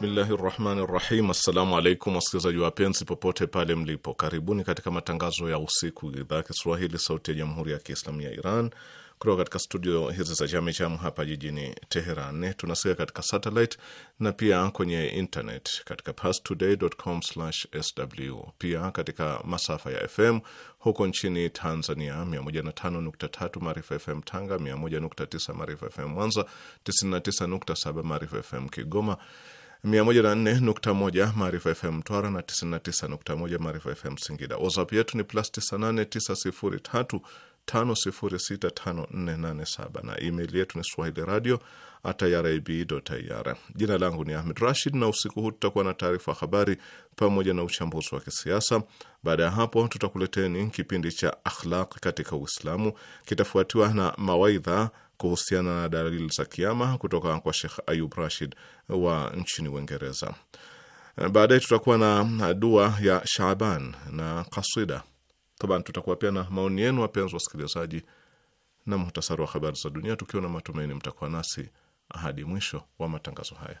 Bismillahi rahmani rahim. Assalamu alaikum wasikilizaji wapenzi, popote pale mlipo, karibuni katika matangazo ya usiku, idhaa Kiswahili sauti ya jamhuri ya Kiislamu ya Iran kutoka katika studio hizi za Jamejam hapa jijini Teheran. Tunasikia katika satellite na pia kwenye internet katika pastoday.com/sw, pia katika masafa ya FM huko nchini Tanzania, 105.3 Maarifa FM Tanga, 101.9 Maarifa FM Mwanza, 99.7 Maarifa FM Kigoma 104.1 Maarifa FM Mtwara na 99.1 Maarifa FM Singida. WhatsApp yetu ni plus 989035 5065487 na email yetu ni swahili radio irib.ir. Jina langu ni Ahmed Rashid, na usiku huu tutakuwa na taarifa habari pamoja na uchambuzi wa kisiasa. Baada ya hapo, tutakuleteni kipindi cha akhlaq katika Uislamu, kitafuatiwa na mawaidha kuhusiana na dalili za kiama kutoka kwa Shekh Ayub Rashid wa nchini Uingereza. Baadaye tutakuwa na dua ya Shaban na kasida. Taban tutakuwa pia na maoni yenu, wapenzi wasikilizaji, na muhtasari wa habari za dunia, tukiwa na matumaini mtakuwa nasi hadi mwisho wa matangazo haya.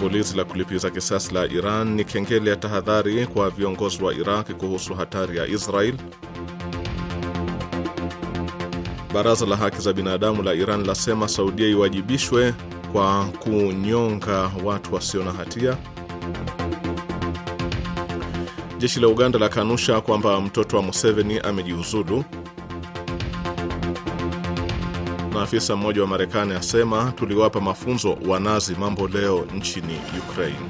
Shambulizi la kulipiza kisasi la Iran ni kengele ya tahadhari kwa viongozi wa Iraq kuhusu hatari ya Israel. Baraza la haki za binadamu la Iran lasema Saudia iwajibishwe kwa kunyonga watu wasio na hatia. Jeshi la Uganda la kanusha kwamba mtoto wa Museveni amejiuzulu na afisa mmoja wa Marekani asema tuliwapa mafunzo wanazi mambo leo nchini Ukraine.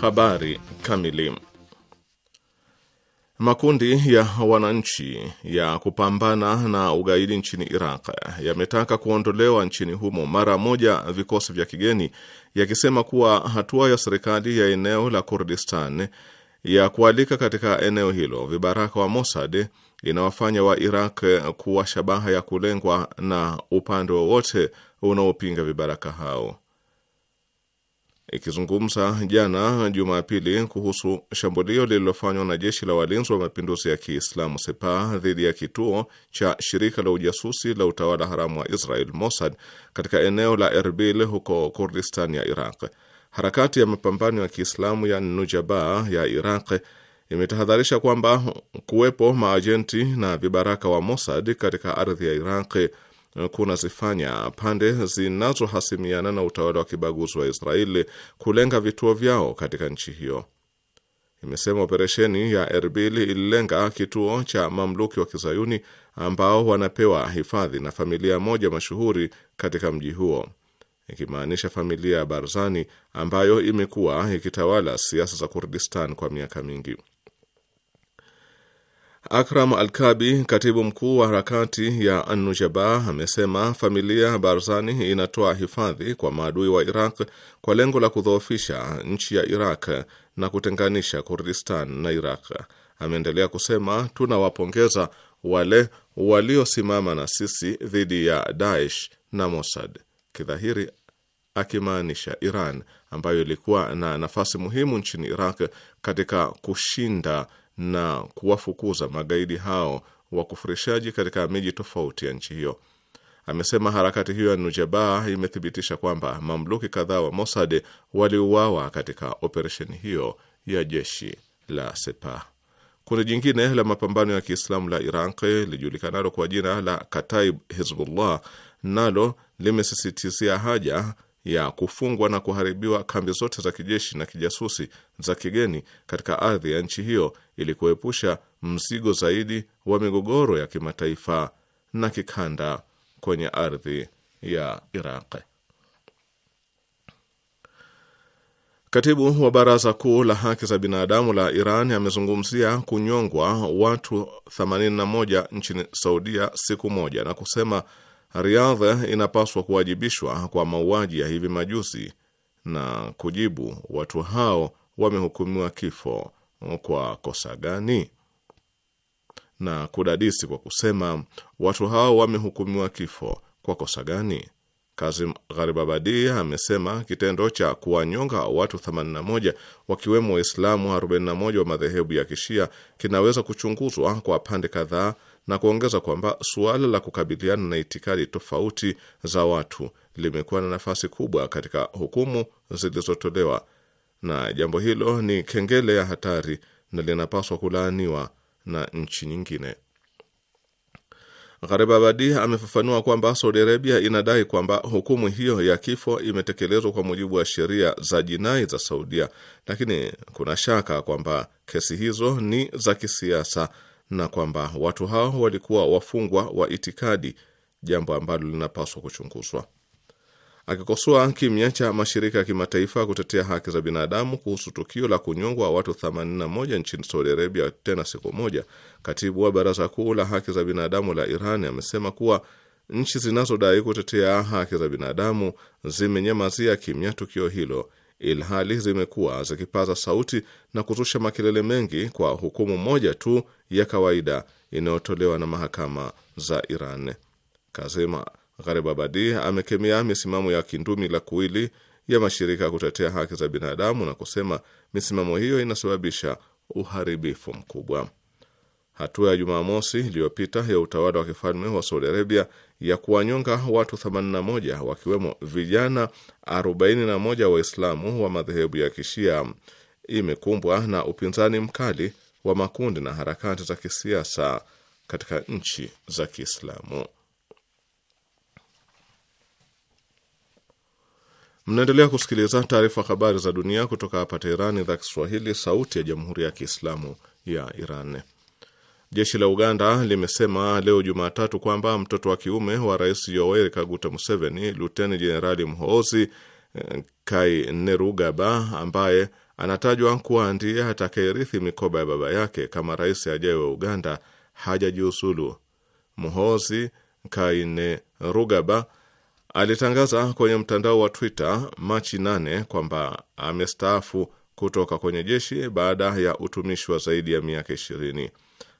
Habari kamili. Makundi ya wananchi ya kupambana na ugaidi nchini Iraq yametaka kuondolewa nchini humo mara moja vikosi vya kigeni, yakisema kuwa hatua ya serikali ya eneo la Kurdistan ya kualika katika eneo hilo vibaraka wa Mossad inawafanya wa Iraq kuwa shabaha ya kulengwa na upande wowote unaopinga vibaraka hao. Ikizungumza jana Jumapili kuhusu shambulio lililofanywa na jeshi la walinzi wa mapinduzi ya Kiislamu sepa dhidi ya kituo cha shirika la ujasusi la utawala haramu wa Israel Mossad katika eneo la Erbil huko Kurdistan ya Iraq, Harakati ya mapambano ya Kiislamu ya Nujaba ya Iraq imetahadharisha kwamba kuwepo maajenti na vibaraka wa Mossad katika ardhi ya Iraq kunazifanya pande zinazohasimiana na utawala wa kibaguzi wa Israeli kulenga vituo vyao katika nchi hiyo. Imesema operesheni ya Erbil ililenga kituo cha mamluki wa Kizayuni ambao wanapewa hifadhi na familia moja mashuhuri katika mji huo ikimaanisha familia ya Barzani ambayo imekuwa ikitawala siasa za Kurdistan kwa miaka mingi. Akram Alkabi, katibu mkuu wa harakati ya Anujaba, amesema familia Barzani inatoa hifadhi kwa maadui wa Iraq kwa lengo la kudhoofisha nchi ya Iraq na kutenganisha Kurdistan na Iraq. Ameendelea kusema, tunawapongeza wale waliosimama na sisi dhidi ya Daesh na Mossad. Kidhahiri akimaanisha Iran ambayo ilikuwa na nafasi muhimu nchini Iraq katika kushinda na kuwafukuza magaidi hao wakufurishaji katika miji tofauti ya nchi hiyo. Amesema harakati hiyo ya Nujaba imethibitisha kwamba mamluki kadhaa wa Mossad waliuawa katika operesheni hiyo ya jeshi la sepa Kundi jingine la mapambano ya Kiislamu la Iraq lijulikanalo kwa jina la Kataib Hizbullah nalo limesisitizia haja ya kufungwa na kuharibiwa kambi zote za kijeshi na kijasusi za kigeni katika ardhi ya nchi hiyo ili kuepusha mzigo zaidi wa migogoro ya kimataifa na kikanda kwenye ardhi ya Iraq. Katibu wa Baraza Kuu la Haki za Binadamu la Iran amezungumzia kunyongwa watu 81 nchini Saudia siku moja na kusema Riyadh inapaswa kuwajibishwa kwa mauaji ya hivi majuzi na kujibu watu hao wamehukumiwa kifo kwa kosa gani, na kudadisi kwa kusema watu hao wamehukumiwa kifo kwa kosa gani. Kazim Gharibabadi amesema kitendo cha kuwanyonga watu 81 wakiwemo Waislamu 41 wa madhehebu ya Kishia kinaweza kuchunguzwa kwa pande kadhaa na kuongeza kwamba suala la kukabiliana na itikadi tofauti za watu limekuwa na nafasi kubwa katika hukumu zilizotolewa, na jambo hilo ni kengele ya hatari na linapaswa kulaaniwa na nchi nyingine. Gharibabadi amefafanua kwamba Saudi Arabia inadai kwamba hukumu hiyo ya kifo imetekelezwa kwa mujibu wa sheria za jinai za Saudia, lakini kuna shaka kwamba kesi hizo ni za kisiasa na kwamba watu hao walikuwa wafungwa wa itikadi, jambo ambalo linapaswa kuchunguzwa. Akikosoa kimya cha mashirika ya kimataifa kutetea haki za binadamu kuhusu tukio la kunyongwa watu 81 nchini Saudi Arabia tena siku moja, katibu wa baraza kuu la haki za binadamu la Iran amesema kuwa nchi zinazodai kutetea haki za binadamu zimenyamazia kimya tukio hilo, ilhali zimekuwa zikipaza sauti na kuzusha makelele mengi kwa hukumu moja tu ya kawaida inayotolewa na mahakama za Iran. Kazema Gharibabadi amekemea misimamo ya kindumi la kuwili ya mashirika ya kutetea haki za binadamu na kusema misimamo hiyo inasababisha uharibifu mkubwa. Hatua ya Jumamosi iliyopita ya utawala wa kifalme wa Saudi Arabia ya kuwanyonga watu 81 wakiwemo vijana 41 Waislamu wa madhehebu ya Kishia imekumbwa na upinzani mkali wa makundi na harakati za kisiasa katika nchi za Kiislamu. Mnaendelea kusikiliza taarifa habari za dunia kutoka hapa Teherani, idhaa Kiswahili, sauti ya jamhuri ya Kiislamu ya Iran. Jeshi la Uganda limesema leo Jumatatu kwamba mtoto wa kiume wa rais Yoweri Kaguta Museveni, luteni jenerali mhoozi eh, Kainerugaba ambaye anatajwa kuwa ndiye atakayerithi mikoba ya baba yake kama rais ajaye wa Uganda hajajiuzulu. Muhoozi Kainerugaba alitangaza kwenye mtandao wa Twitter Machi 8 kwamba amestaafu kutoka kwenye jeshi baada ya utumishi wa zaidi ya miaka ishirini.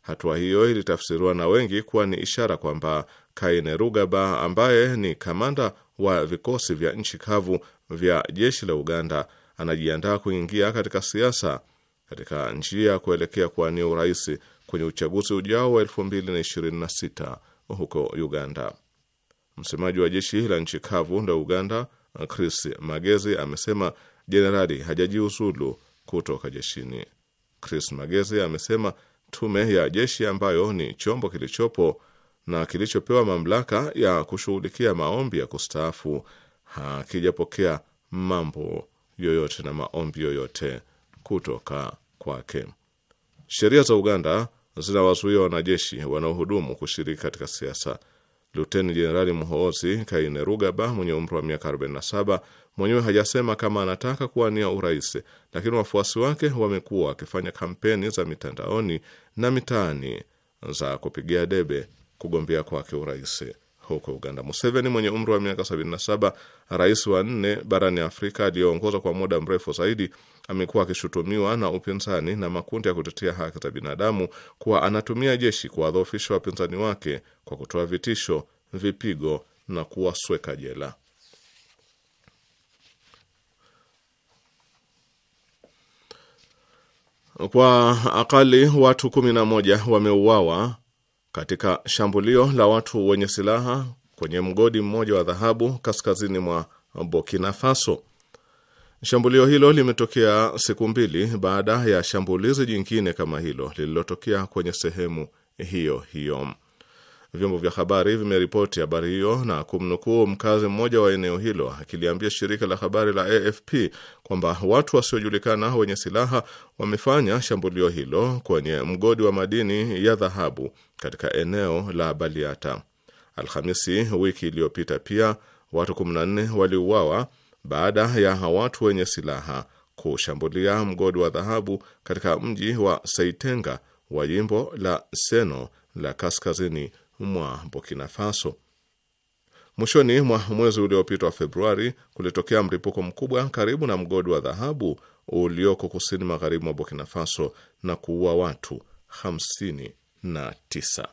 Hatua hiyo ilitafsiriwa na wengi kuwa ni ishara kwamba Kainerugaba ambaye ni kamanda wa vikosi vya nchi kavu vya jeshi la Uganda anajiandaa kuingia katika siasa katika njia ya kuelekea kuwania urais kwenye uchaguzi ujao wa 2026 huko Uganda. Msemaji wa jeshi la nchi kavu la Uganda, Chris Magezi, amesema jenerali hajajiuzulu kutoka jeshini. Chris Magezi amesema tume ya jeshi ambayo ni chombo kilichopo na kilichopewa mamlaka ya kushughulikia maombi ya kustaafu hakijapokea mambo yoyote na maombi yoyote kutoka kwake. Sheria za Uganda zinawazuia wanajeshi wanaohudumu kushiriki katika siasa. Luteni Jenerali Muhoozi Kainerugaba mwenye umri wa miaka 47 mwenyewe hajasema kama anataka kuwania urais, lakini wafuasi wake wamekuwa wakifanya kampeni za mitandaoni na mitaani za kupigia debe kugombea kwake urais huko Uganda. Museveni mwenye umri wa miaka 77, rais wa nne barani Afrika aliyeongoza kwa muda mrefu zaidi, amekuwa akishutumiwa na upinzani na makundi ya kutetea haki za binadamu kuwa anatumia jeshi kuwadhoofisha wapinzani wake kwa kutoa vitisho, vipigo na kuwasweka jela. Kwa akali watu kumi na moja wameuawa katika shambulio la watu wenye silaha kwenye mgodi mmoja wa dhahabu kaskazini mwa Burkina Faso. Shambulio hilo limetokea siku mbili baada ya shambulizi jingine kama hilo lililotokea kwenye sehemu hiyo hiyo. Vyombo vya habari vimeripoti habari hiyo na kumnukuu mkazi mmoja wa eneo hilo akiliambia shirika la habari la AFP kwamba watu wasiojulikana wenye silaha wamefanya shambulio hilo kwenye mgodi wa madini ya dhahabu katika eneo la Baliata. Alhamisi wiki iliyopita pia watu 14 waliuawa baada ya watu wenye silaha kushambulia mgodi wa dhahabu katika mji wa Saitenga wa jimbo la Seno la kaskazini mwa Burkina Faso. Mwishoni mwa mwezi uliopita wa Februari kulitokea mlipuko mkubwa karibu na mgodi wa dhahabu ulioko kusini magharibi mwa Burkina Faso na kuua watu 50 na tisa.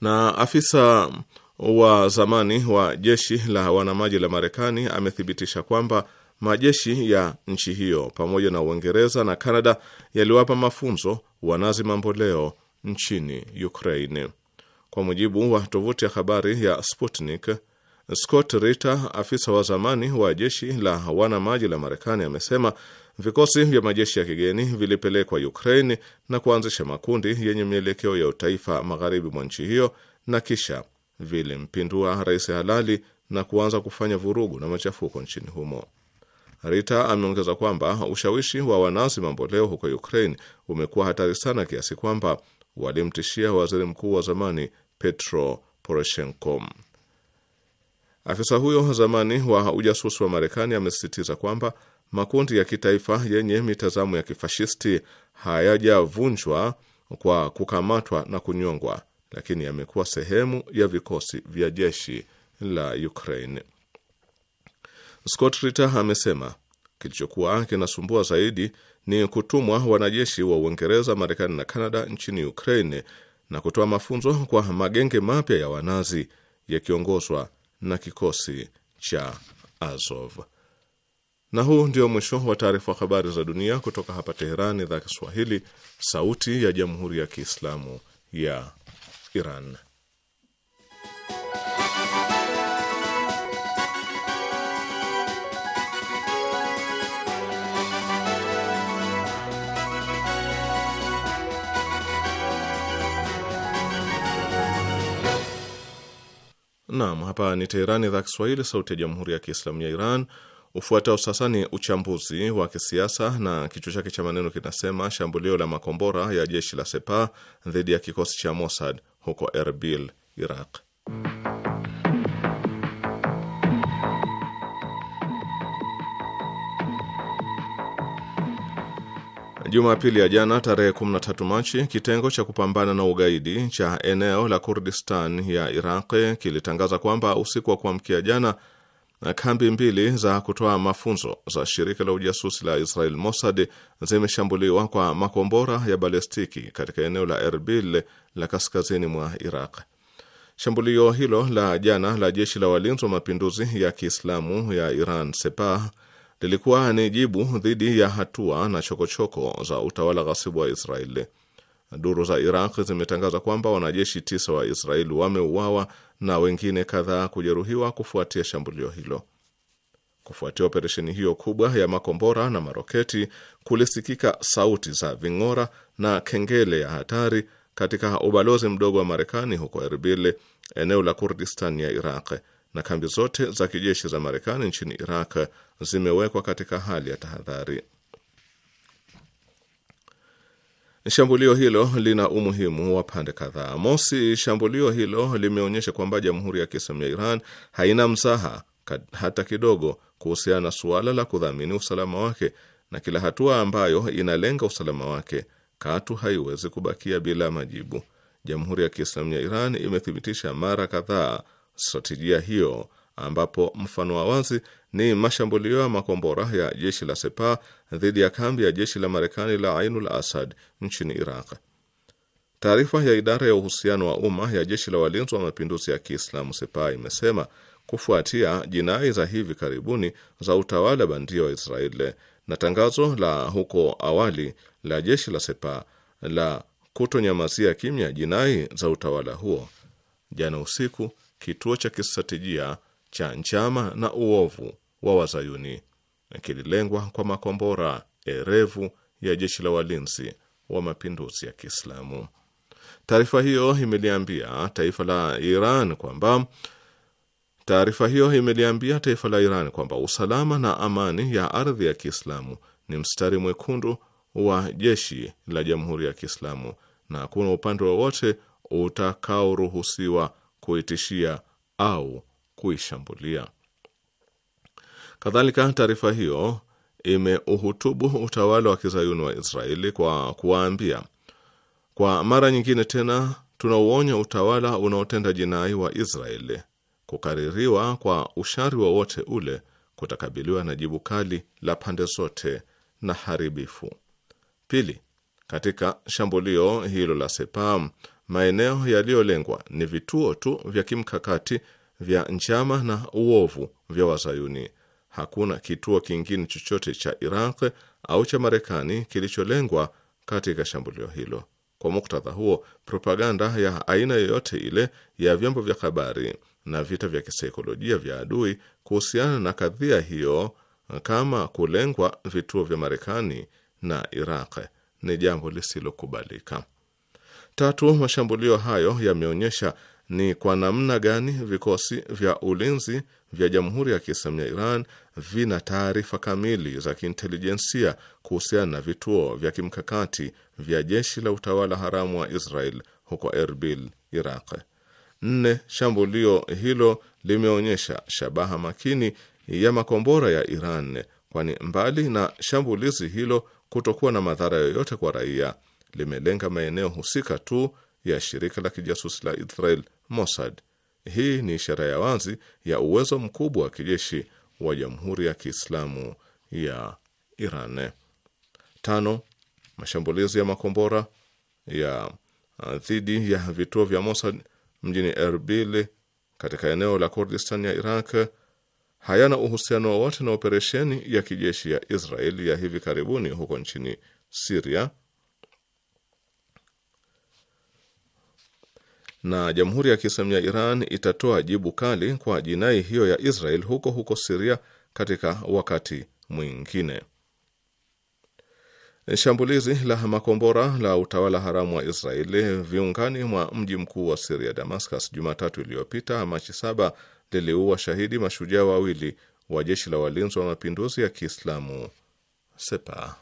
Na afisa wa zamani wa jeshi la wanamaji la Marekani amethibitisha kwamba majeshi ya nchi hiyo pamoja na Uingereza na Kanada yaliwapa mafunzo wanazi mamboleo nchini Ukraine. Kwa mujibu wa tovuti ya habari ya Sputnik, Scott Ritter, afisa wa zamani wa jeshi la wanamaji la Marekani, amesema Vikosi vya majeshi ya kigeni vilipelekwa Ukraine na kuanzisha makundi yenye mielekeo ya utaifa magharibi mwa nchi hiyo na kisha vilimpindua rais halali na kuanza kufanya vurugu na machafuko nchini humo. Rita ameongeza kwamba ushawishi wa wanazi mamboleo huko Ukraine umekuwa hatari sana kiasi kwamba walimtishia waziri mkuu wa zamani Petro Poroshenko. Afisa huyo zamani wa ujasusi wa Marekani amesisitiza kwamba makundi ya kitaifa yenye mitazamo ya kifashisti hayajavunjwa kwa kukamatwa na kunyongwa, lakini yamekuwa sehemu ya vikosi vya jeshi la Ukraine. Scott Ritter amesema kilichokuwa kinasumbua zaidi ni kutumwa wanajeshi wa Uingereza, Marekani na Kanada nchini Ukraine na kutoa mafunzo kwa magenge mapya ya Wanazi yakiongozwa na kikosi cha Azov. Na huu ndio mwisho wa taarifa habari za dunia kutoka hapa Teherani, idhaa Kiswahili, sauti ya jamhuri ya kiislamu ya Iran. Naam, hapa ni Teherani, idhaa Kiswahili, sauti ya jamhuri ya kiislamu ya Iran. Ufuatao sasa ni uchambuzi wa kisiasa na kichwa chake cha maneno kinasema: shambulio la makombora ya jeshi la Sepah dhidi ya kikosi cha Mossad huko Erbil, Iraq. Jumapili ya jana tarehe 13 Machi, kitengo cha kupambana na ugaidi cha eneo la Kurdistan ya Iraq kilitangaza kwamba usiku wa kuamkia jana, kambi mbili za kutoa mafunzo za shirika la ujasusi la Israel Mossad zimeshambuliwa kwa makombora ya balestiki katika eneo la Erbil la kaskazini mwa Iraq. Shambulio hilo la jana la jeshi la walinzi wa mapinduzi ya Kiislamu ya Iran Sepah lilikuwa ni jibu dhidi ya hatua na chokochoko choko za utawala ghasibu wa Israeli. Duru za Iraq zimetangaza kwamba wanajeshi tisa wa Israeli wameuawa na wengine kadhaa kujeruhiwa kufuatia shambulio hilo. Kufuatia operesheni hiyo kubwa ya makombora na maroketi, kulisikika sauti za ving'ora na kengele ya hatari katika ubalozi mdogo wa Marekani huko Erbil, eneo la Kurdistan ya Iraq na kambi zote za kijeshi za Marekani nchini Iraq zimewekwa katika hali ya tahadhari. Shambulio hilo lina umuhimu wa pande kadhaa. Mosi, shambulio hilo limeonyesha kwamba Jamhuri ya Kiislamu ya Iran haina mzaha hata kidogo kuhusiana na suala la kudhamini usalama wake, na kila hatua ambayo inalenga usalama wake katu haiwezi kubakia bila majibu. Jamhuri ya Kiislamu ya Iran imethibitisha mara kadhaa stratejia hiyo, ambapo mfano wa wazi ni mashambulio ya makombora ya jeshi la sepa dhidi ya kambi ya jeshi la Marekani la Ainul Asad nchini Iraq. Taarifa ya idara ya uhusiano wa umma ya jeshi la walinzi wa mapinduzi ya Kiislamu Sepa imesema kufuatia jinai za hivi karibuni za utawala bandia wa Israeli na tangazo la huko awali la jeshi la sepa la kutonyamazia kimya jinai za utawala huo, jana usiku kituo cha kistratejia cha njama na uovu wa Wazayuni kililengwa kwa makombora erevu ya jeshi la walinzi wa mapinduzi ya Kiislamu. Taarifa hiyo imeliambia taifa la Iran kwamba taarifa hiyo imeliambia taifa la Iran kwamba usalama na amani ya ardhi ya Kiislamu ni mstari mwekundu wa jeshi la Jamhuri ya Kiislamu na hakuna upande wowote utakaoruhusiwa kuitishia au kuishambulia. Kadhalika, taarifa hiyo imeuhutubu utawala wa kizayuni wa Israeli kwa kuwaambia, kwa mara nyingine tena tunauonya utawala unaotenda jinai wa Israeli, kukaririwa kwa ushari wowote ule kutakabiliwa na jibu kali la pande zote na haribifu. Pili, katika shambulio hilo la Sepam maeneo yaliyolengwa ni vituo tu vya kimkakati vya njama na uovu vya Wazayuni. Hakuna kituo kingine chochote cha Iraq au cha Marekani kilicholengwa katika shambulio hilo. Kwa muktadha huo, propaganda ya aina yoyote ile ya vyombo vya habari na vita vya kisaikolojia vya adui kuhusiana na kadhia hiyo, kama kulengwa vituo vya Marekani na Iraq, ni jambo lisilokubalika. Tatu, mashambulio hayo yameonyesha ni kwa namna gani vikosi vya ulinzi vya Jamhuri ya Kiislamu ya Iran vina taarifa kamili za kiintelijensia kuhusiana na vituo vya kimkakati vya jeshi la utawala haramu wa Israel huko Erbil, Iraq. Nne, shambulio hilo limeonyesha shabaha makini ya makombora ya Iran, kwani mbali na shambulizi hilo kutokuwa na madhara yoyote kwa raia limelenga maeneo husika tu ya shirika la kijasusi la Israel Mossad. Hii ni ishara ya wazi ya uwezo mkubwa wa kijeshi wa Jamhuri ya Kiislamu ya Iran. Tano, mashambulizi ya makombora ya uh, dhidi ya vituo vya Mossad mjini Erbil katika eneo la Kurdistan ya Iraq hayana uhusiano wowote na operesheni ya kijeshi ya Israel ya hivi karibuni huko nchini Siria na Jamhuri ya Kiislamu ya Iran itatoa jibu kali kwa jinai hiyo ya Israel huko huko Siria katika wakati mwingine. Shambulizi la makombora la utawala haramu wa Israeli viungani mwa mji mkuu wa Siria, Damascus, Jumatatu iliyopita Machi saba liliua shahidi mashujaa wawili wa jeshi la walinzi wa mapinduzi ya Kiislamu Sepa.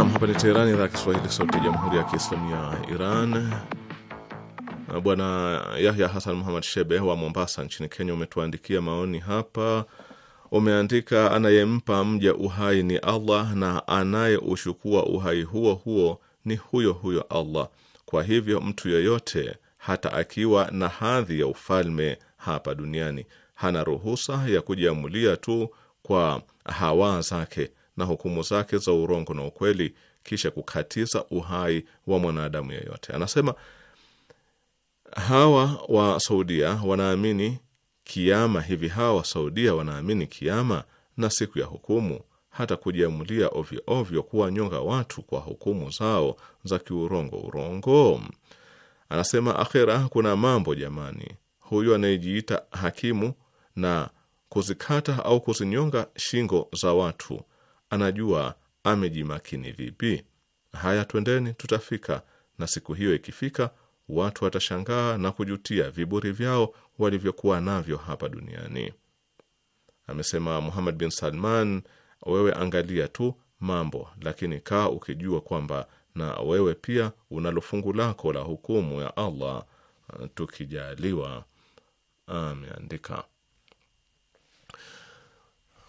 Nam, hapa ni Teherani, idhaa ya Kiswahili, sauti ya jamhuri ya kiislamu ya Iran. Bwana Yahya Hasan Muhamad Shebe wa Mombasa nchini Kenya umetuandikia maoni hapa. Umeandika, anayempa mja uhai ni Allah na anayeushukua uhai huo huo ni huyo huyo Allah. Kwa hivyo mtu yeyote, hata akiwa na hadhi ya ufalme hapa duniani, hana ruhusa ya kujiamulia tu kwa hawa zake na hukumu zake za urongo na ukweli, kisha kukatiza uhai wa mwanadamu yeyote. Anasema hawa wa Saudia wanaamini kiama, hivi hawa wa Saudia wanaamini kiama na siku ya hukumu, hata kujiamulia ovyoovyo kuwanyonga watu kwa hukumu zao za kiurongo urongo. Anasema akhera kuna mambo jamani, huyu anayejiita hakimu na kuzikata au kuzinyonga shingo za watu anajua amejimakini vipi. Haya, twendeni, tutafika. Na siku hiyo ikifika, watu watashangaa na kujutia viburi vyao walivyokuwa navyo hapa duniani. Amesema Muhammad bin Salman, wewe angalia tu mambo, lakini kaa ukijua kwamba na wewe pia unalo fungu lako la hukumu ya Allah tukijaliwa. Ameandika.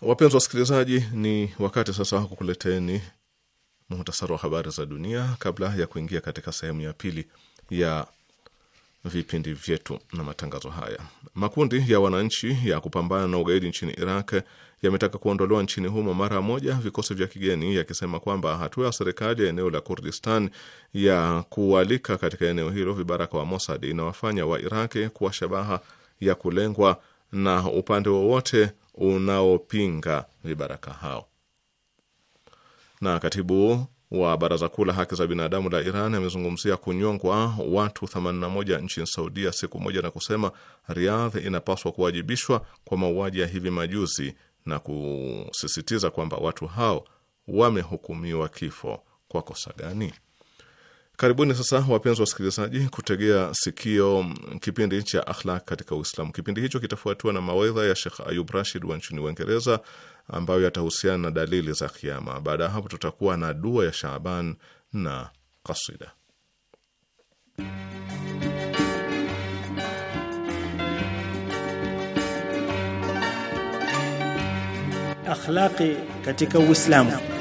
Wapenzi wasikilizaji, ni wakati sasa wa kukuleteni muhtasari wa habari za dunia kabla ya kuingia katika sehemu ya pili ya vipindi vyetu na matangazo haya. Makundi ya wananchi ya kupambana na ugaidi nchini Iraq yametaka kuondolewa nchini humo mara moja vikosi vya kigeni, yakisema kwamba hatua ya serikali ya eneo la Kurdistan ya kualika katika eneo hilo vibaraka wa Mossad inawafanya Iraq kuwa shabaha ya kulengwa na upande wowote unaopinga vibaraka hao. Na katibu wa Baraza Kuu la Haki za Binadamu la Iran amezungumzia kunyongwa watu 81 nchini Saudia siku moja na kusema Riyadh inapaswa kuwajibishwa kwa mauaji ya hivi majuzi na kusisitiza kwamba watu hao wamehukumiwa kifo kwa kosa gani. Karibuni sasa wapenzi wasikilizaji, kutegea sikio kipindi cha Akhlaq katika Uislamu. Kipindi hicho kitafuatiwa na mawaidha ya Shekh Ayub Rashid wa nchini Uingereza ambayo yatahusiana na dalili za Kiama. Baada ya hapo, tutakuwa na dua ya Shaaban na kasida. Akhlaqi katika Uislamu.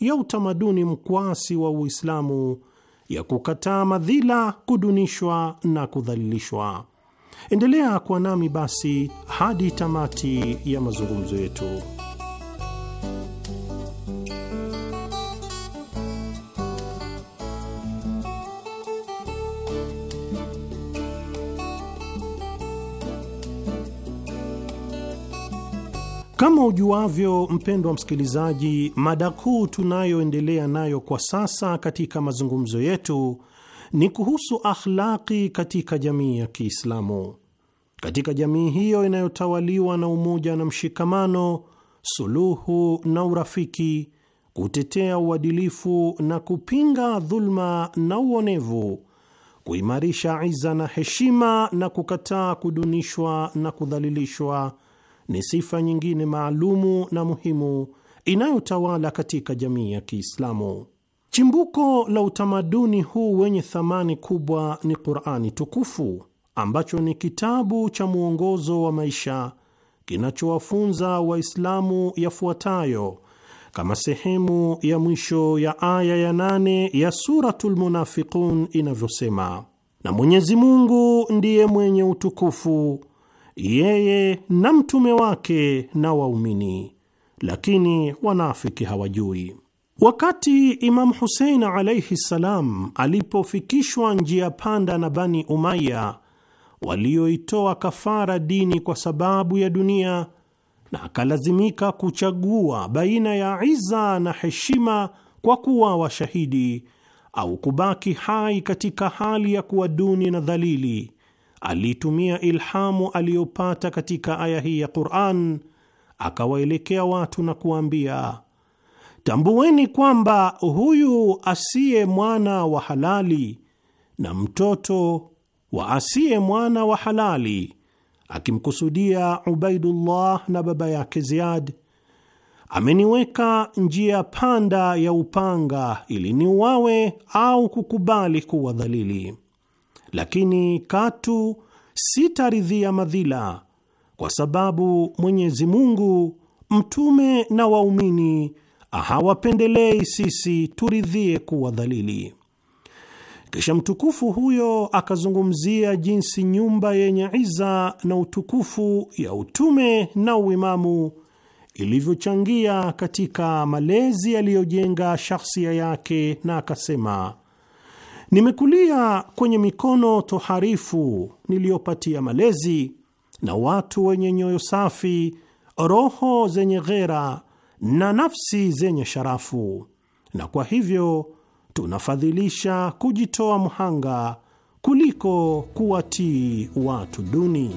ya utamaduni mkwasi wa Uislamu ya kukataa madhila, kudunishwa na kudhalilishwa. Endelea kuwa nami basi hadi tamati ya mazungumzo yetu. Kama ujuavyo, mpendwa msikilizaji, mada kuu tunayoendelea nayo kwa sasa katika mazungumzo yetu ni kuhusu akhlaki katika jamii ya Kiislamu. Katika jamii hiyo inayotawaliwa na umoja na mshikamano, suluhu na urafiki, kutetea uadilifu na kupinga dhulma na uonevu, kuimarisha iza na heshima na kukataa kudunishwa na kudhalilishwa ni sifa nyingine maalumu na muhimu inayotawala katika jamii ya Kiislamu. Chimbuko la utamaduni huu wenye thamani kubwa ni Qur'ani tukufu, ambacho ni kitabu cha mwongozo wa maisha kinachowafunza Waislamu yafuatayo kama sehemu ya mwisho ya aya ya nane ya Suratul Munafiqun inavyosema: na Mwenyezi Mungu ndiye mwenye utukufu yeye na mtume wake na waumini, lakini wanafiki hawajui. Wakati Imamu Husein alaihi ssalam alipofikishwa njia panda na Bani Umaya walioitoa kafara dini kwa sababu ya dunia, na akalazimika kuchagua baina ya iza na heshima kwa kuwa washahidi au kubaki hai katika hali ya kuwa duni na dhalili aliitumia ilhamu aliyopata katika aya hii ya Qur'an akawaelekea watu na kuwaambia, tambueni kwamba huyu asiye mwana wa halali na mtoto wa asiye mwana wa halali, akimkusudia Ubaidullah na baba yake Ziyad, ameniweka njia panda ya upanga ili niuawe au kukubali kuwa dhalili lakini katu sitaridhia madhila, kwa sababu Mwenyezi Mungu, mtume na waumini hawapendelei sisi turidhie kuwa dhalili. Kisha mtukufu huyo akazungumzia jinsi nyumba yenye iza na utukufu ya utume na uimamu ilivyochangia katika malezi aliyojenga shahsia yake, na akasema Nimekulia kwenye mikono toharifu niliyopatia malezi na watu wenye nyoyo safi, roho zenye ghera na nafsi zenye sharafu, na kwa hivyo tunafadhilisha kujitoa mhanga kuliko kuwatii watu duni.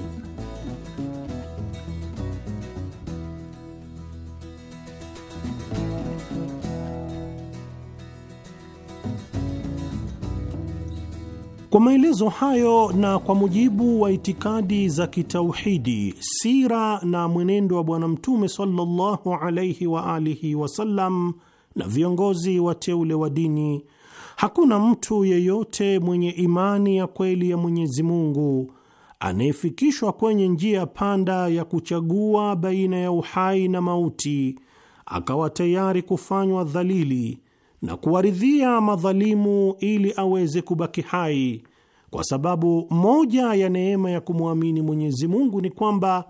Kwa maelezo hayo na kwa mujibu wa itikadi za kitauhidi, sira na mwenendo wa Bwana Mtume sallallahu alaihi wa alihi wasallam na viongozi wateule wa dini, hakuna mtu yeyote mwenye imani ya kweli ya Mwenyezi Mungu anayefikishwa kwenye njia panda ya kuchagua baina ya uhai na mauti akawa tayari kufanywa dhalili na kuwaridhia madhalimu ili aweze kubaki hai, kwa sababu moja ya neema ya kumwamini Mwenyezi Mungu ni kwamba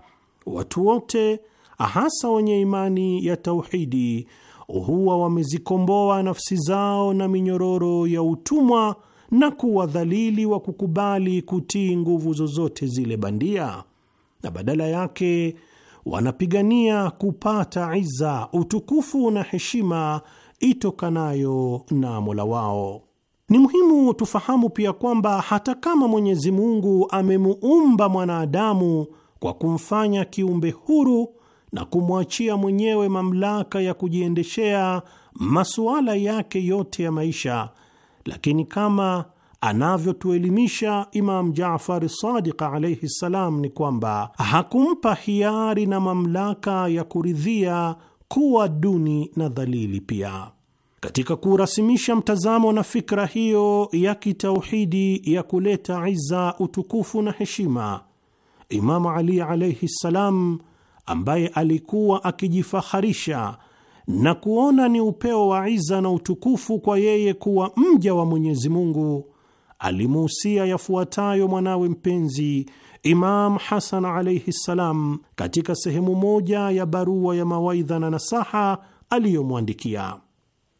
watu wote hasa wenye imani ya tauhidi huwa wamezikomboa nafsi zao na minyororo ya utumwa na kuwa dhalili wa kukubali kutii nguvu zozote zile bandia, na badala yake wanapigania kupata iza, utukufu na heshima itokanayo na Mola wao. Ni muhimu tufahamu pia kwamba hata kama Mwenyezi Mungu amemuumba mwanadamu kwa kumfanya kiumbe huru na kumwachia mwenyewe mamlaka ya kujiendeshea masuala yake yote ya maisha, lakini kama anavyotuelimisha Imam Jafar Sadiq alaihi ssalam, ni kwamba hakumpa hiari na mamlaka ya kuridhia kuwa duni na dhalili pia. Katika kurasimisha mtazamo na fikra hiyo ya kitauhidi ya kuleta iza, utukufu na heshima, Imamu Ali alaihi ssalam, ambaye alikuwa akijifaharisha na kuona ni upeo wa iza na utukufu kwa yeye kuwa mja wa Mwenyezi Mungu, alimuhusia yafuatayo mwanawe mpenzi Imam Hasan alaihi ssalam katika sehemu moja ya barua ya mawaidha na nasaha aliyomwandikia: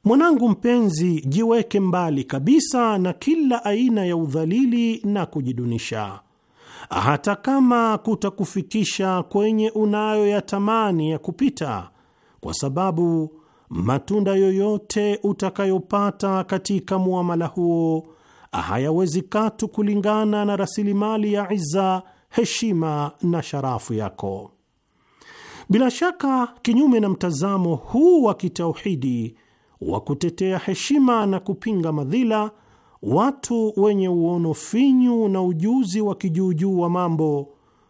mwanangu mpenzi, jiweke mbali kabisa na kila aina ya udhalili na kujidunisha, hata kama kutakufikisha kwenye unayo ya kupita, kwa sababu matunda yoyote utakayopata katika muamala huo hayawezi katu kulingana na rasilimali ya iza heshima na sharafu yako. Bila shaka, kinyume na mtazamo huu wa kitauhidi wa kutetea heshima na kupinga madhila, watu wenye uono finyu na ujuzi wa kijuujuu wa mambo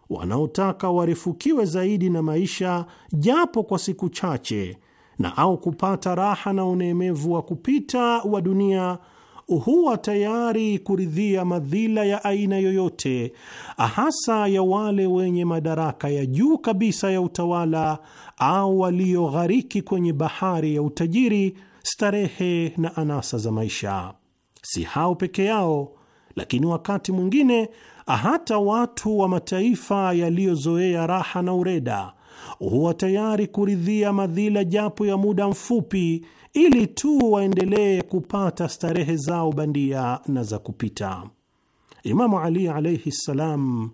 wanaotaka warefukiwe zaidi na maisha japo kwa siku chache, na au kupata raha na uneemevu wa kupita wa dunia huwa tayari kuridhia madhila ya aina yoyote, hasa ya wale wenye madaraka ya juu kabisa ya utawala au walioghariki kwenye bahari ya utajiri, starehe na anasa za maisha. Si hao peke yao, lakini wakati mwingine hata watu wa mataifa yaliyozoea raha na ureda huwa tayari kuridhia madhila japo ya muda mfupi ili tu waendelee kupata starehe zao bandia na za kupita. Imamu Ali alaihi ssalam,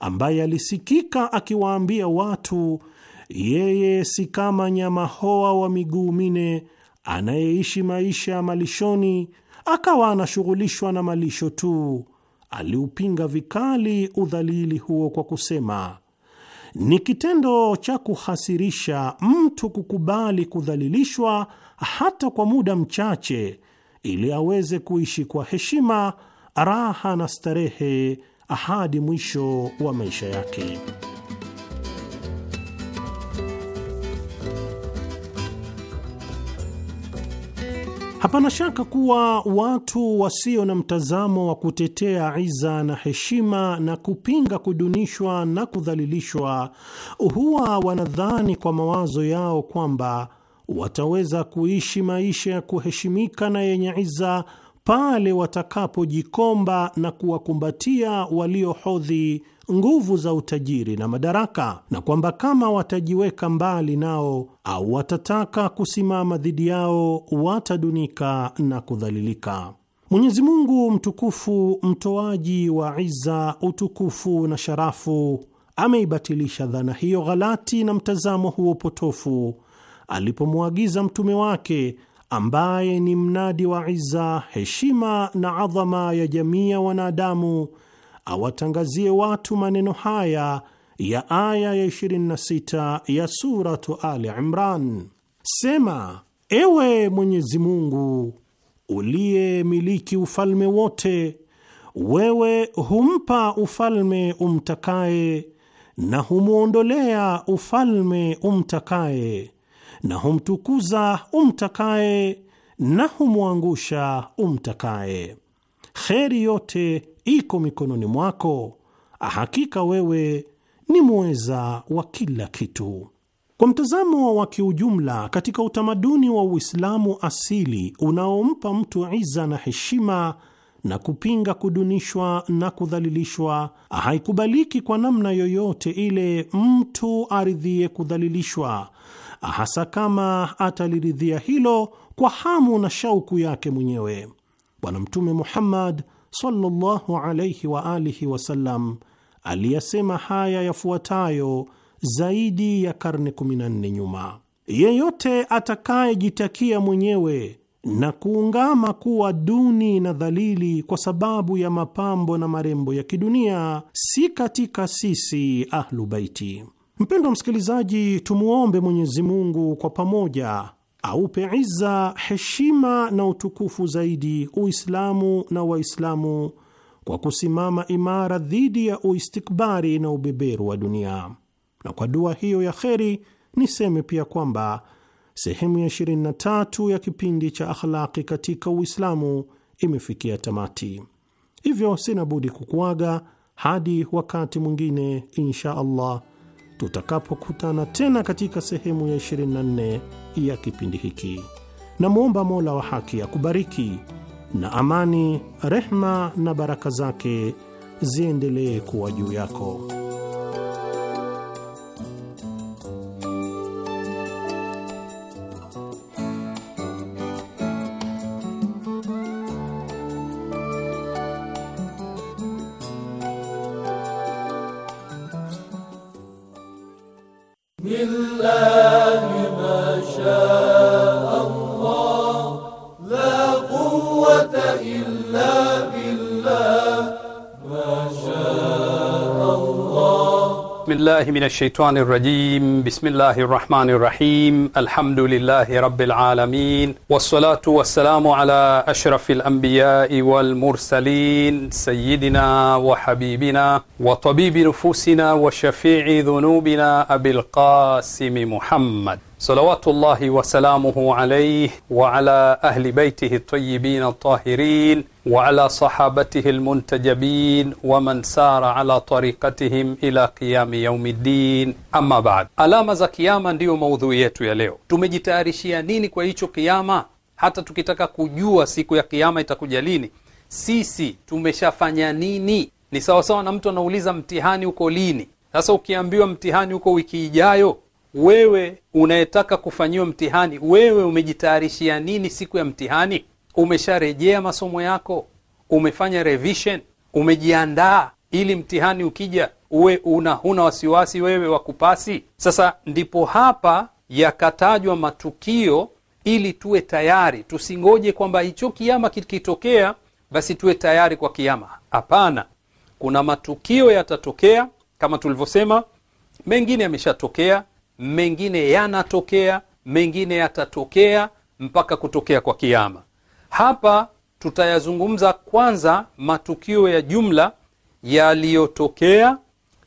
ambaye alisikika akiwaambia watu yeye si kama nyama hoa wa miguu mine anayeishi maisha ya malishoni, akawa anashughulishwa na malisho tu, aliupinga vikali udhalili huo kwa kusema ni kitendo cha kuhasirisha mtu kukubali kudhalilishwa hata kwa muda mchache, ili aweze kuishi kwa heshima, raha na starehe hadi mwisho wa maisha yake. Hapana shaka kuwa watu wasio na mtazamo wa kutetea iza na heshima na kupinga kudunishwa na kudhalilishwa huwa wanadhani kwa mawazo yao kwamba wataweza kuishi maisha ya kuheshimika na yenye iza pale watakapojikomba na kuwakumbatia waliohodhi nguvu za utajiri na madaraka, na kwamba kama watajiweka mbali nao au watataka kusimama dhidi yao watadunika na kudhalilika. Mwenyezi Mungu mtukufu mtoaji wa iza, utukufu na sharafu ameibatilisha dhana hiyo ghalati na mtazamo huo potofu alipomwagiza mtume wake ambaye ni mnadi wa iza, heshima na adhama ya jamii ya wanadamu awatangazie watu maneno haya ya aya ya 26 ya suratu Ali Imran: Sema, ewe Mwenyezi Mungu uliyemiliki ufalme wote, wewe humpa ufalme umtakaye na humwondolea ufalme umtakaye na humtukuza umtakaye na humwangusha umtakaye. Kheri yote iko mikononi mwako, hakika wewe ni mweza wa kila kitu. Kwa mtazamo wa kiujumla, katika utamaduni wa Uislamu asili unaompa mtu iza na heshima na kupinga kudunishwa na kudhalilishwa, haikubaliki kwa namna yoyote ile mtu aridhie kudhalilishwa hasa kama ataliridhia hilo kwa hamu na shauku yake mwenyewe. Bwana Mtume Muhammad sallallahu alayhi wa alihi wasallam aliyasema haya yafuatayo zaidi ya karne 14 nyuma: yeyote atakayejitakia mwenyewe na kuungama kuwa duni na dhalili kwa sababu ya mapambo na marembo ya kidunia, si katika sisi Ahlu Baiti. Mpendwa msikilizaji, tumwombe Mwenyezi Mungu kwa pamoja aupe iza, heshima na utukufu zaidi Uislamu na Waislamu kwa kusimama imara dhidi ya uistikbari na ubeberu wa dunia. Na kwa dua hiyo ya kheri, niseme pia kwamba sehemu ya 23 ya kipindi cha Akhlaqi katika Uislamu imefikia tamati, hivyo sina budi kukuaga hadi wakati mwingine insha Allah tutakapokutana tena katika sehemu ya 24 ya kipindi hiki. Namwomba Mola wa haki akubariki, na amani, rehma na baraka zake ziendelee kuwa juu yako. لله ما شاء الله من الشيطان الرجيم بسم الله الرحمن الرحيم الحمد لله رب العالمين والصلاة والسلام على أشرف الأنبياء والمرسلين سيدنا وحبيبنا وطبيب نفوسنا وشفيع ذنوبنا أبي القاسم محمد salawatullahi wasalamuhu alayhi wa ahli baitihi tayyibin atahirin wa sahabatihi almuntajabin wa sara ala tariqatihim ila qiyami yaumiddin, amma baad. Alama za kiama ndiyo maudhui yetu ya leo. Tumejitayarishia nini kwa hicho kiama Hata tukitaka kujua siku ya kiama itakuja lini, sisi tumeshafanya nini? Ni sawasawa na mtu anauliza mtihani uko lini. Sasa ukiambiwa mtihani uko wiki ijayo wewe unayetaka kufanyiwa mtihani, wewe umejitayarishia nini siku ya mtihani? Umesharejea masomo yako? Umefanya revision? Umejiandaa ili mtihani ukija uwe una huna wasiwasi wewe wa kupasi? Sasa ndipo hapa yakatajwa matukio ili tuwe tayari, tusingoje kwamba hicho kiama kikitokea basi tuwe tayari kwa kiama. Hapana, kuna matukio yatatokea kama tulivyosema, mengine yameshatokea mengine yanatokea, mengine yatatokea mpaka kutokea kwa kiama. Hapa tutayazungumza kwanza matukio ya jumla yaliyotokea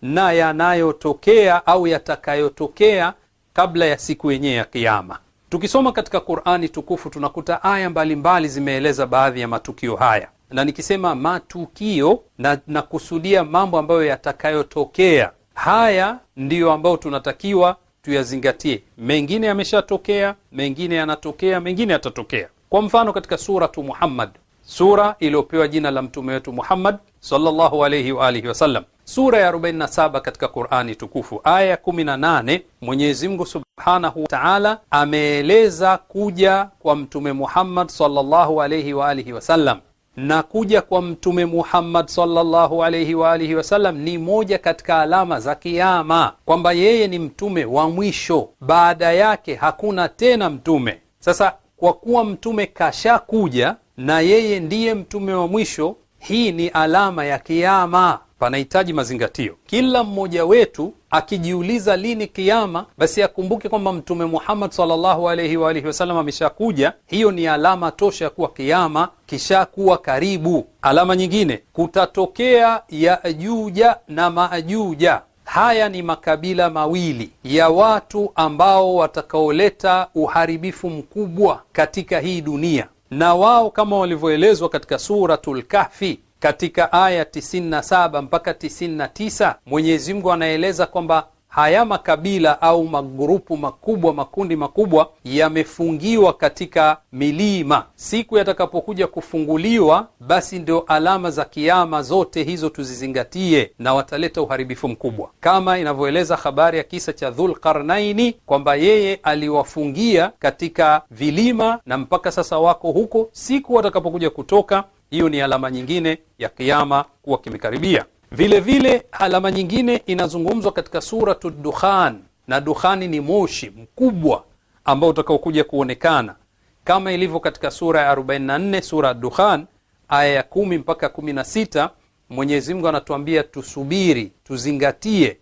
na yanayotokea au yatakayotokea kabla ya siku yenyewe ya kiama. Tukisoma katika Qur'ani tukufu tunakuta aya mbalimbali zimeeleza baadhi ya matukio haya, na nikisema matukio na nakusudia mambo ambayo yatakayotokea. Haya ndiyo ambayo tunatakiwa tuyazingatie. Mengine yameshatokea, mengine yanatokea, mengine yatatokea. Kwa mfano katika suratu Muhammad, sura iliyopewa jina la mtume wetu Muhammad sallallahu alayhi wa alihi wasallam, sura ya 47 katika Qur'ani tukufu, aya ya 18, Mwenyezi Mungu subhanahu wa ta'ala ameeleza kuja kwa mtume Muhammad sallallahu alayhi wa alihi wasallam na kuja kwa Mtume Muhammad sallallahu alayhi wa alihi wasallam ni moja katika alama za Kiama, kwamba yeye ni mtume wa mwisho, baada yake hakuna tena mtume. Sasa kwa kuwa mtume kashakuja na yeye ndiye mtume wa mwisho, hii ni alama ya Kiama panahitaji mazingatio. Kila mmoja wetu akijiuliza lini kiama, basi akumbuke kwamba Mtume Muhammad sallallahu alayhi wa alihi wasallam ameshakuja. Hiyo ni alama tosha ya kuwa kiama kishakuwa karibu. Alama nyingine, kutatokea Yajuja na Majuja. Haya ni makabila mawili ya watu ambao watakaoleta uharibifu mkubwa katika hii dunia, na wao kama walivyoelezwa katika Suratul Kahfi katika aya 97 mpaka 99, Mwenyezi Mungu anaeleza kwamba haya makabila au magrupu makubwa makundi makubwa yamefungiwa katika milima. Siku yatakapokuja kufunguliwa, basi ndio alama za kiama zote hizo tuzizingatie, na wataleta uharibifu mkubwa, kama inavyoeleza habari ya kisa cha Dhul karnaini kwamba yeye aliwafungia katika vilima na mpaka sasa wako huko. Siku watakapokuja kutoka hiyo ni alama nyingine ya kiama kuwa kimekaribia. Vile vile alama nyingine inazungumzwa katika suratu Dukhan, na dukhani ni moshi mkubwa ambao utakaokuja kuonekana kama ilivyo katika sura ya 44 sura Dukhan aya ya 10 mpaka 16 Mwenyezi Mungu anatuambia tusubiri, tuzingatie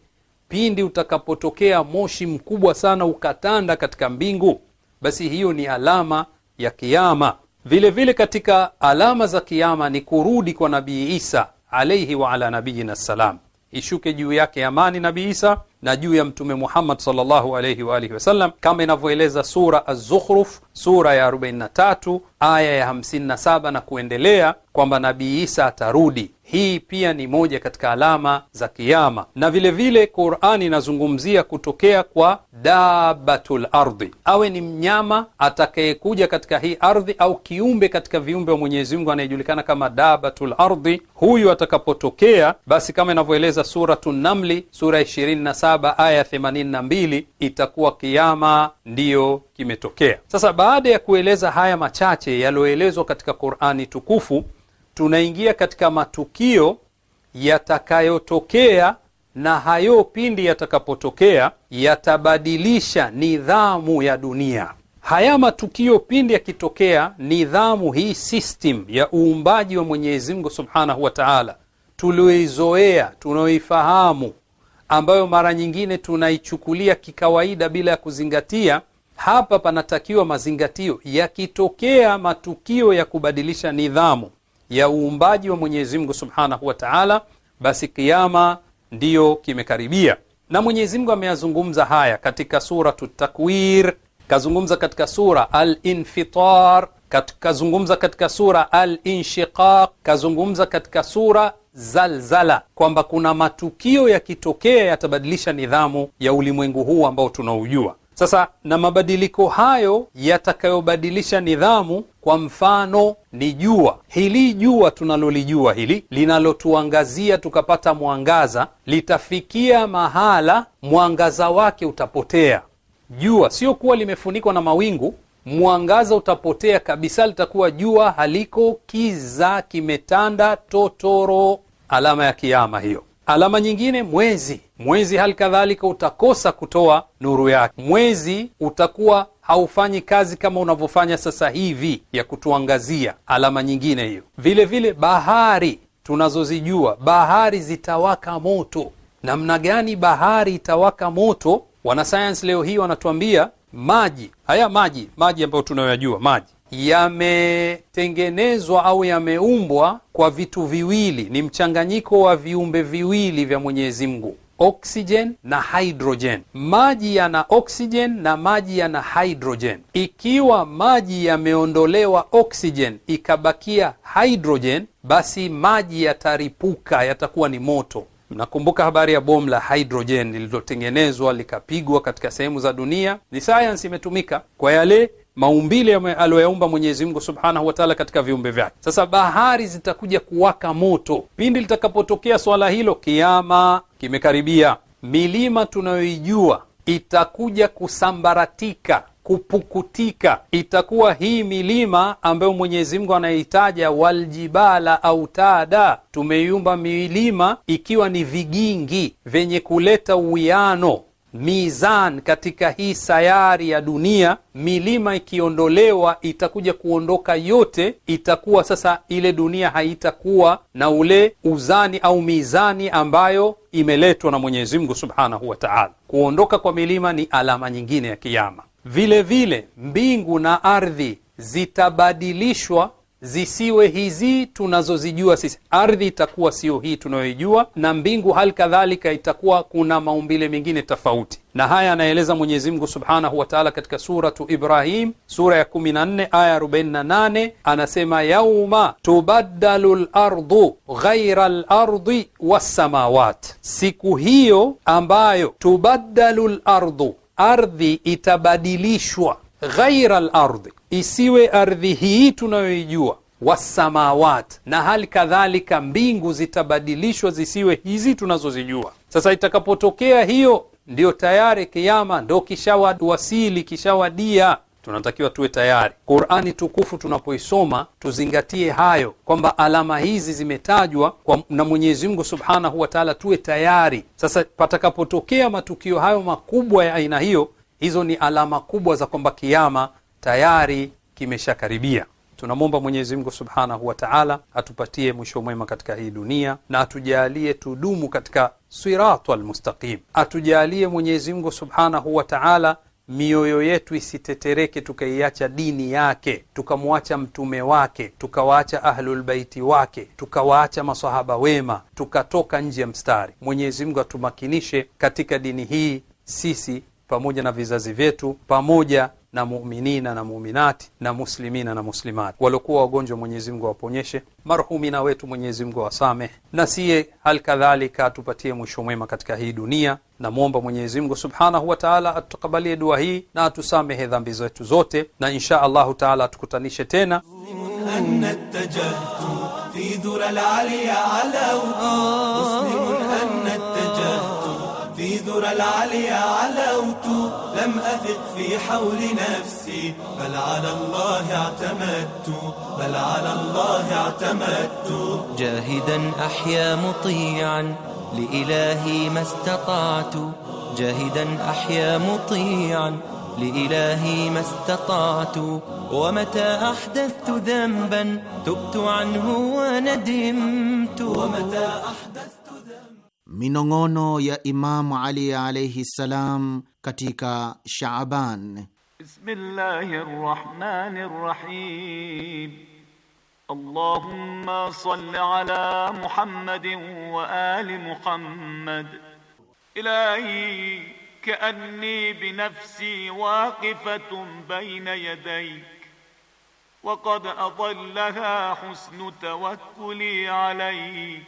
pindi utakapotokea moshi mkubwa sana ukatanda katika mbingu, basi hiyo ni alama ya kiama. Vile vile katika alama za Kiama ni kurudi kwa Nabii Isa alaihi wa nabiyina salam, ishuke juu yake amani Nabii Isa na juu ya Mtume Muhammad sallallahu alayhi wa alihi wasallam kama inavyoeleza sura Az-Zukhruf sura ya 43 aya ya 57 na kuendelea kwamba Nabii Isa atarudi. Hii pia ni moja katika alama za Kiyama, na vilevile Qurani inazungumzia kutokea kwa dabatul ardhi, awe ni mnyama atakayekuja katika hii ardhi au kiumbe katika viumbe wa Mwenyezi Mungu anayejulikana kama dabatul ardhi. Huyu atakapotokea, basi kama inavyoeleza Suratu Namli sura 27 saba aya themanini na mbili itakuwa kiama ndiyo kimetokea. Sasa baada ya kueleza haya machache yaliyoelezwa katika Qur'ani tukufu, tunaingia katika matukio yatakayotokea na hayo pindi yatakapotokea yatabadilisha nidhamu ya dunia. Haya matukio pindi yakitokea, nidhamu hii, system ya uumbaji wa Mwenyezi Mungu subhanahu wa taala tulioizoea, tunaoifahamu ambayo mara nyingine tunaichukulia kikawaida bila ya kuzingatia. Hapa panatakiwa mazingatio. Yakitokea matukio ya kubadilisha nidhamu ya uumbaji wa Mwenyezi Mungu Subhanahu wa Ta'ala, basi kiama ndiyo kimekaribia. Na Mwenyezi Mungu ameyazungumza haya katika Suratu Takwir, kazungumza katika sura Al-Infitar, kazungumza katika sura Al-Inshiqaq, kazungumza katika sura zalzala, kwamba kuna matukio yakitokea yatabadilisha nidhamu ya ulimwengu huu ambao tunaujua sasa, na mabadiliko hayo yatakayobadilisha nidhamu, kwa mfano ni jua hili, jua tunalolijua hili linalotuangazia tukapata mwangaza, litafikia mahala mwangaza wake utapotea. Jua sio kuwa limefunikwa na mawingu mwangaza utapotea kabisa, litakuwa jua haliko, kiza kimetanda totoro, alama ya kiama hiyo. Alama nyingine mwezi, mwezi hali kadhalika utakosa kutoa nuru yake. Mwezi utakuwa haufanyi kazi kama unavyofanya sasa hivi ya kutuangazia, alama nyingine hiyo. Vile vile bahari tunazozijua, bahari zitawaka moto. Namna gani bahari itawaka moto? Wanasayansi leo hii wanatuambia maji haya maji maji ambayo tunayoyajua maji yametengenezwa au yameumbwa kwa vitu viwili, ni mchanganyiko wa viumbe viwili vya Mwenyezi mgu oxygen na hydrogen. Maji yana oxygen na maji yana hydrogen. Ikiwa maji yameondolewa oxygen ikabakia hydrogen, basi maji yataripuka, yatakuwa ni moto. Mnakumbuka habari ya bomu la hydrogen lililotengenezwa likapigwa katika sehemu za dunia? Ni sayansi imetumika kwa yale maumbile aliyoyaumba Mwenyezi Mungu Subhanahu wataala katika viumbe vyake. Sasa bahari zitakuja kuwaka moto pindi litakapotokea swala hilo. Kiama kimekaribia, milima tunayoijua itakuja kusambaratika kupukutika, itakuwa hii milima ambayo Mwenyezi Mungu anaitaja waljibala tada tumeiumba milima ikiwa ni vigingi vyenye kuleta uwiano mizan katika hii sayari ya dunia. Milima ikiondolewa itakuja kuondoka yote, itakuwa sasa ile dunia haitakuwa na ule uzani au mizani ambayo imeletwa na Mwenyezi Mungu subhanahu wa taala. Kuondoka kwa milima ni alama nyingine ya Kiama. Vile vile mbingu na ardhi zitabadilishwa zisiwe hizi tunazozijua sisi. Ardhi itakuwa siyo hii tunayoijua, na mbingu hali kadhalika itakuwa kuna maumbile mengine tofauti. Na haya anaeleza Mwenyezi Mungu subhanahu wa taala katika Suratu Ibrahim, sura ya 14 aya 48, anasema yauma tubaddalu lardu ghaira lardi wassamawat, siku hiyo ambayo tubaddalu lardu ardhi itabadilishwa ghaira lardhi, isiwe ardhi hii tunayoijua wasamawat na hali kadhalika mbingu zitabadilishwa zisiwe hizi tunazozijua. Sasa itakapotokea hiyo, ndio tayari kiama ndo kishawasili, kishawadia tunatakiwa tuwe tayari. Qurani tukufu tunapoisoma tuzingatie hayo kwamba alama hizi zimetajwa kwa na Mwenyezi Mungu subhanahu wa taala, tuwe tayari. Sasa patakapotokea matukio hayo makubwa ya aina hiyo, hizo ni alama kubwa za kwamba kiama tayari kimeshakaribia. Tunamwomba Mwenyezi Mungu subhanahu wa taala atupatie mwisho mwema katika hii dunia na atujalie tudumu katika siratu almustaqim, atujalie Mwenyezi Mungu subhanahu wa taala mioyo yetu isitetereke, tukaiacha dini yake, tukamwacha mtume wake, tukawaacha ahlulbaiti wake, tukawaacha masahaba wema, tukatoka nje ya mstari. Mwenyezi Mungu atumakinishe katika dini hii sisi pamoja na vizazi vyetu pamoja na muminina na muminati na muslimina na muslimati, waliokuwa wagonjwa Mwenyezi Mungu awaponyeshe, marhumina wetu Mwenyezi Mungu awasamehe, na siye hali kadhalika atupatie mwisho mwema katika hii dunia. namwomba Mwenyezi Mungu Subhanahu wa Ta'ala atukabalie dua hii na atusamehe dhambi zetu zote, na insha Allahu Ta'ala atukutanishe tena في ذرى العلي لإلهي ما استطعت جاهدا أحيا مطيعا لإلهي ما استطعت ومتى أحدثت ذنبا تبت عنه وندمت ومتى أحدثت ذنبا علي عليه السلام كتيكا شعبان بسم الله الرحمن الرحيم اللهم صل على محمد وآل محمد إلهي كأني بنفسي واقفة بين يديك وقد أضلها حسن توكلي عليك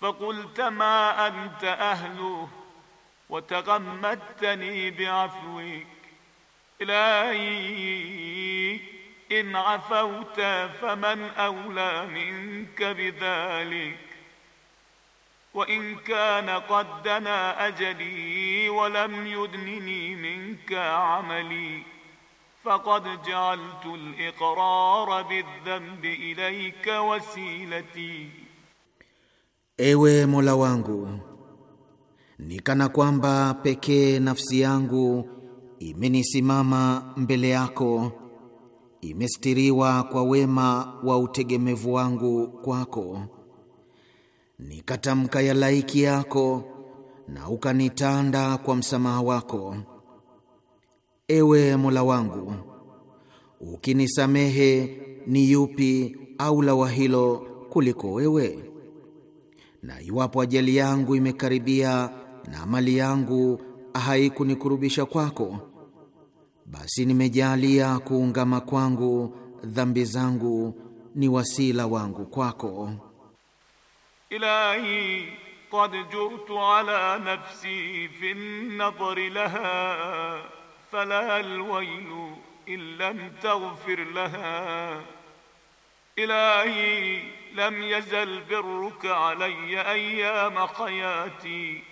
فقلت ما أنت أهله وتغمدتني بعفوك إلهي in afauta faman aula minka bidhalik wa in kana qaddana ajali wa lam yudnini minka amali faqad ja'altu al-iqrara bidhanbi ilayka wasilati, Ewe Mola wangu, nikana kwamba pekee nafsi yangu imenisimama mbele yako imestiriwa kwa wema wa utegemevu wangu kwako. Nikatamka ya laiki yako na ukanitanda kwa msamaha wako. Ewe Mola wangu, ukinisamehe ni yupi au la wa hilo kuliko wewe? Na iwapo ajali yangu imekaribia na mali yangu haikunikurubisha kwako basi nimejalia kuungama kwangu dhambi zangu ni wasila wangu kwako. Ilahi qad jurtu ala nafsi fi nadhri laha fala alwaylu illa taghfir laha ilahi lam yazal birruka alayya ayyama hayati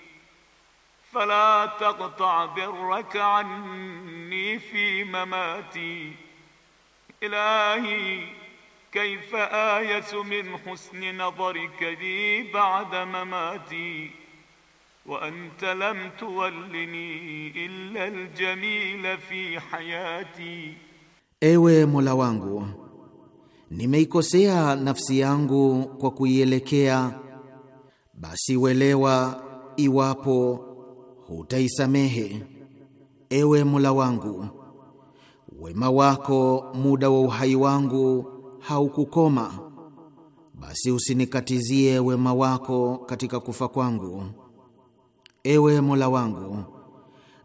fala taqta birraka anni fi mamati ilahi kaifa ayatu min husni nadharika li ba'da mamati wa anta lam tuwallini illa aljamila fi hayati, ewe Mola wangu nimeikosea nafsi yangu kwa kuielekea, basi welewa iwapo hutaisamehe. Ewe Mola wangu, wema wako muda wa uhai wangu haukukoma, basi usinikatizie wema wako katika kufa kwangu. Ewe Mola wangu,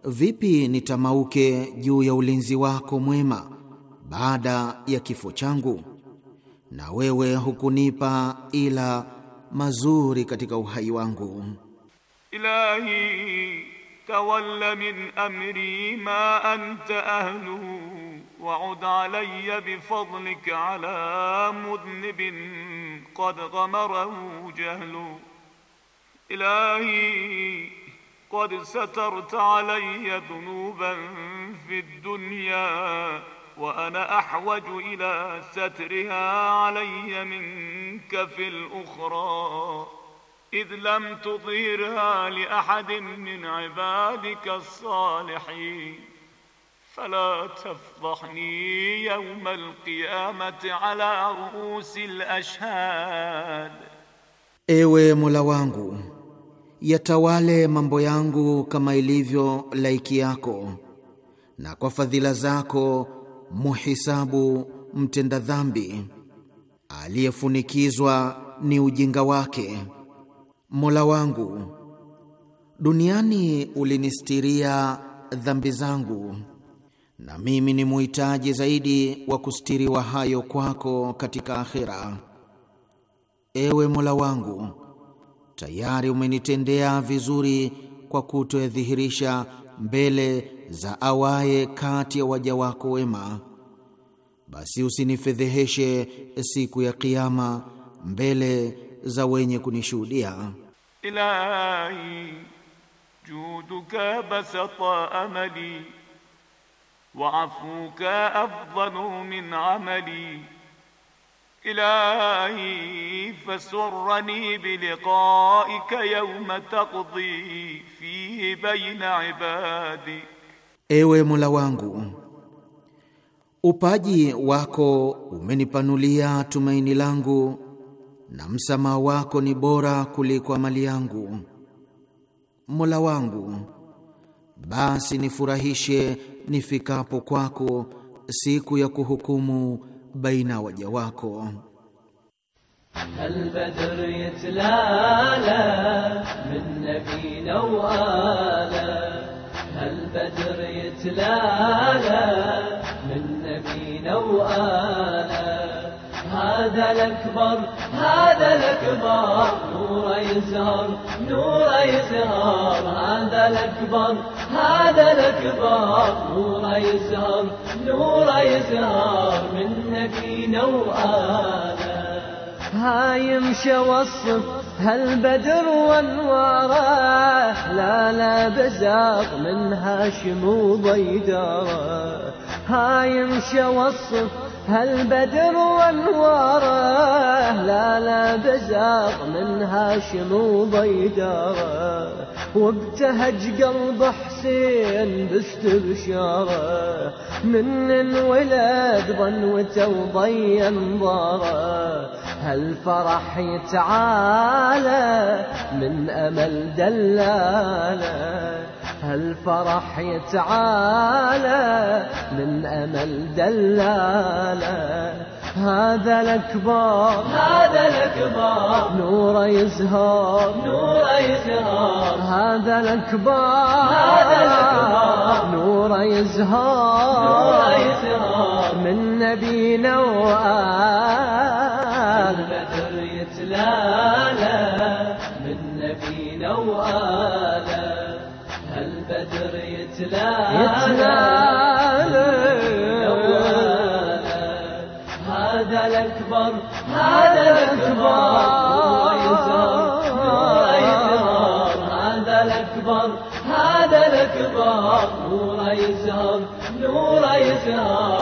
vipi nitamauke juu ya ulinzi wako mwema baada ya kifo changu, na wewe hukunipa ila mazuri katika uhai wangu. Ilahi تول من أمري ما أنت أهله وعد علي بفضلك على مذنب قد غمره جهل إلهي قد سترت علي ذنوبا في الدنيا وأنا أحوج إلى سترها علي منك في الأخرى idh lam tudhirha li ahadin min ibadika salihin fala tafdhahni yawm al ala ruusi al Ewe Mola wangu, yatawale mambo yangu kama ilivyo laiki yako, na kwa fadhila zako muhisabu mtenda dhambi aliyefunikizwa ni ujinga wake Mola wangu, duniani ulinistiria dhambi zangu, na mimi ni muhitaji zaidi wa kustiriwa hayo kwako katika akhira. Ewe Mola wangu, tayari umenitendea vizuri kwa kutoyadhihirisha mbele za awaye kati ya waja wako wema, basi usinifedheheshe siku ya Kiyama mbele za wenye kunishuhudia. Ilahi juduka basata amali wa afuka afdalu min amali Ilahi fasurrani biliqaika yawma taqdi fihi bayna ibadi, Ewe Mola wangu, upaji wako umenipanulia tumaini langu na msamaha wako ni bora kuliko mali yangu. Mola wangu, basi nifurahishe nifikapo kwako siku ya kuhukumu baina waja wako. هذا الأكبر هذا الأكبر نور يزهر نور يزهر هذا الأكبر هذا الأكبر نور يزهر نور يزهر من فينا وآنا هايم شوصف هالبدر وانواره لا لا بزاق من هاشم وضيداره هايم شوصف هالبدر وانواره لا لا بزاق من هاشم وضيداره وابتهج قلب حسين باستبشاره من انولد ظنوته وضي انظاره هالفرح يتعالى من امل دلاله هالفرح يتعالى من أمل دلالة هذا الأكبر هذا الأكبر نور يزهر نور يزهر هذا الأكبر هذا الأكبر نور يزهر نور يزهر من نبينا وآل يتلالى هذا هذا الأكبر هذا الأكبر هذا الأكبر نور يزهر نور يزهر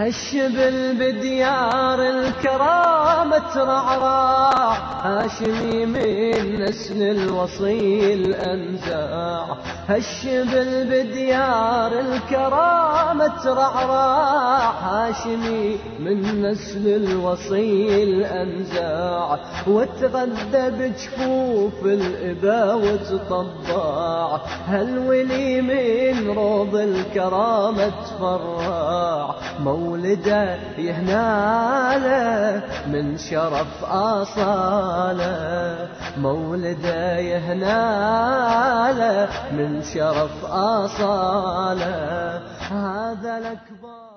هالشبل بديار الكرامة ترعرع هاشمي من نسل الوصيل أنزاع هالشبل بديار الكرامة ترعرع هاشمي من نسل الوصيل أنزاع وتغذى بجفوف الإباء وتطبع هل ولي من روض الكرامة تفرع مولده يهناله من شرف اصاله مولده يهناله من شرف اصاله هذا الاكبر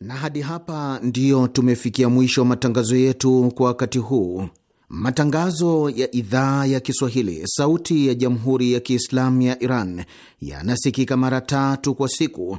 na hadi hapa ndiyo tumefikia mwisho wa matangazo yetu kwa wakati huu. Matangazo ya idhaa ya Kiswahili sauti ya jamhuri ya Kiislamu ya Iran yanasikika mara tatu kwa siku